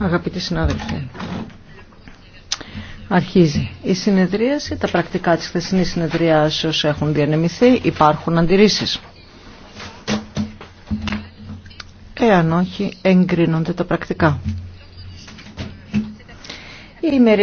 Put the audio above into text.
Αγαπητοί συνάδελφοι, αρχίζει η συνεδρίαση. Τα πρακτικά της χθεσινής συνεδρίαση έχουν διανεμηθεί. Υπάρχουν αντιρρήσεις. Εάν όχι, εγκρίνονται τα πρακτικά.